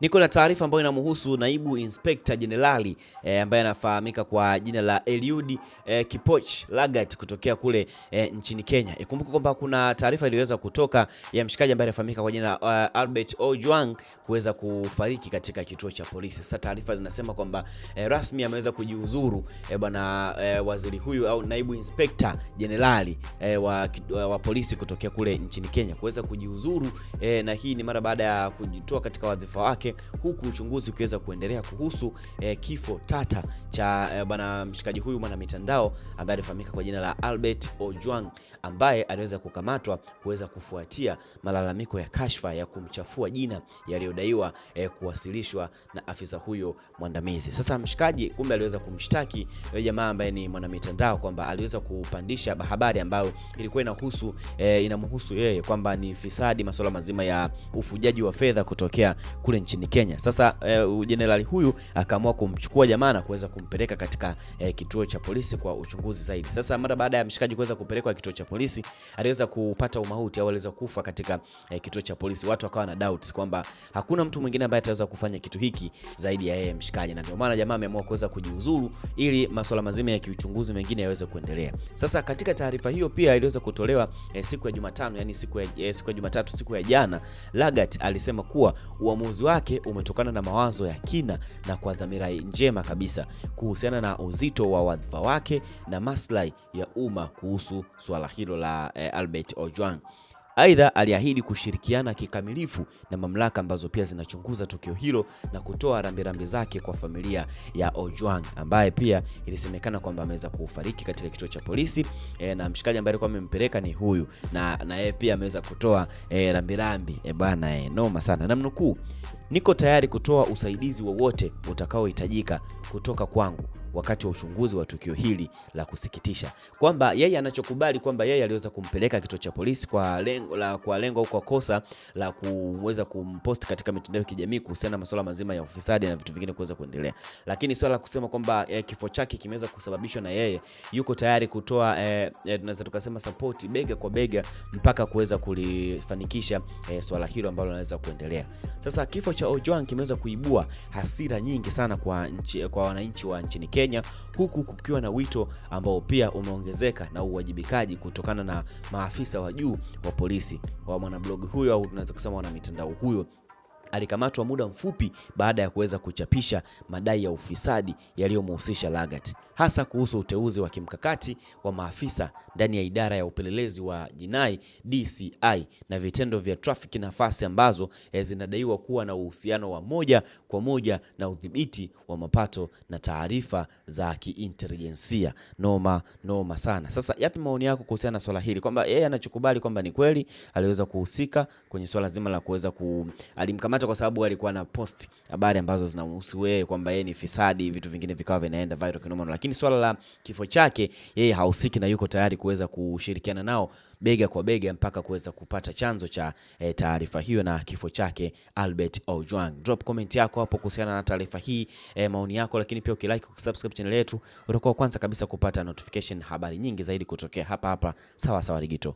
Niko na taarifa ambayo inamhusu naibu inspekta jenerali e, ambaye anafahamika kwa jina la Eliud e, eh, Kipoch Lagat kutokea kule e, nchini Kenya. Ikumbuke kwamba kuna taarifa iliyoweza kutoka ya mshikaji ambaye anafahamika kwa jina la uh, Albert Ojwang kuweza kufariki katika kituo cha polisi. Sasa taarifa zinasema kwamba e, rasmi ameweza kujiuzuru e, bwana e, waziri huyu au naibu inspekta jenerali e, wa, wa polisi kutokea kule nchini Kenya kuweza kujiuzuru e, na hii ni mara baada ya kujitoa katika wadhifa wake yake, huku uchunguzi ukiweza kuendelea kuhusu eh, kifo tata cha eh, bwana mshikaji huyu mwana mitandao ambaye alifahamika kwa jina la Albert Ojwang ambaye aliweza kukamatwa kuweza kufuatia malalamiko ya kashfa ya kumchafua jina yaliyodaiwa eh, kuwasilishwa na afisa huyo mwandamizi. Sasa mshikaji kumbe aliweza kumshtaki yule eh, jamaa ambaye ni mwanamitandao kwamba aliweza kupandisha habari ambayo ilikuwa inahusu eh, inamhusu yeye kwamba ni fisadi, masuala mazima ya ufujaji wa fedha kutokea kule nchini nchini Kenya. Sasa eh, jenerali eh, huyu akaamua kumchukua jamaa na kuweza kumpeleka katika eh, kituo cha polisi kwa uchunguzi zaidi. Sasa mara baada ya mshikaji kuweza kupelekwa kituo cha polisi, aliweza kupata umauti au aliweza kufa katika eh, kituo cha polisi. Watu wakawa na doubts kwamba hakuna mtu mwingine ambaye ataweza kufanya kitu hiki zaidi ya yeye mshikaji, na ndio maana jamaa ameamua kuweza kujiuzuru ili masuala mazima ya kiuchunguzi mengine yaweze kuendelea. Sasa katika taarifa hiyo pia iliweza kutolewa eh, siku ya Jumatano, yani siku ya, eh, siku ya Jumatatu, siku ya jana, Lagat alisema kuwa uamuzi wake wake umetokana na mawazo ya kina na kwa dhamira njema kabisa kuhusiana na uzito wa wadhifa wake na maslahi ya umma kuhusu suala hilo la eh, Albert Ojwang. Aidha, aliahidi kushirikiana kikamilifu na mamlaka ambazo pia zinachunguza tukio hilo na kutoa rambirambi zake kwa familia ya Ojwang ambaye pia ilisemekana kwamba ameweza kufariki katika kituo cha polisi e, na mshikaji ambaye alikuwa amempeleka ni huyu na na yeye pia ameweza kutoa e, rambirambi e, bana e, noma sana. Namnukuu, niko tayari kutoa usaidizi wowote utakaohitajika kutoka kwangu wakati wa uchunguzi wa tukio hili la kusikitisha, kwamba yeye anachokubali kwamba yeye aliweza kumpeleka kituo cha polisi kwa lengo la kwa lengo au kwa kosa la kuweza kumpost katika mitandao ya kijamii kuhusiana na masuala mazima ya ufisadi na vitu vingine kuweza kuendelea, lakini swala la kusema kwamba eh, kifo chake kimeweza kusababishwa na yeye, yuko tayari kutoa eh, eh, tunaweza tukasema support bega kwa bega mpaka kuweza kulifanikisha eh, swala hilo ambalo anaweza kuendelea. Sasa kifo cha Ojwang kimeweza kuibua hasira nyingi sana kwa nchi kwa wananchi wa nchini Kenya, huku kukiwa na wito ambao pia umeongezeka na uwajibikaji kutokana na maafisa wa juu wa polisi wa mwanablog huyo au tunaweza kusema wana mitandao huyo alikamatwa muda mfupi baada ya kuweza kuchapisha madai ya ufisadi yaliyomhusisha Lagat, hasa kuhusu uteuzi wa kimkakati wa maafisa ndani ya idara ya upelelezi wa jinai DCI na vitendo vya trafiki, nafasi ambazo eh, zinadaiwa kuwa na uhusiano wa moja kwa moja na udhibiti wa mapato na taarifa za kiintelijensia. Noma noma sana. Sasa yapi maoni yako kuhusiana na swala hili, kwamba yeye anachokubali kwamba ni kweli aliweza kuhusika kwenye swala zima la kuweza ku alimkamata kwanza kwa sababu alikuwa na post habari ambazo zinamhusu wewe kwamba yeye ni fisadi, vitu vingine vikawa vinaenda viral kinoma, lakini swala la kifo chake yeye hahusiki na yuko tayari kuweza kushirikiana nao bega kwa bega mpaka kuweza kupata chanzo cha e, taarifa hiyo na kifo chake Albert Ojwang. Drop comment yako hapo kuhusiana na taarifa hii e, maoni yako, lakini pia ukilike kusubscribe channel yetu utakuwa kwanza kabisa kupata notification habari nyingi zaidi kutokea hapa hapa sawa Digital.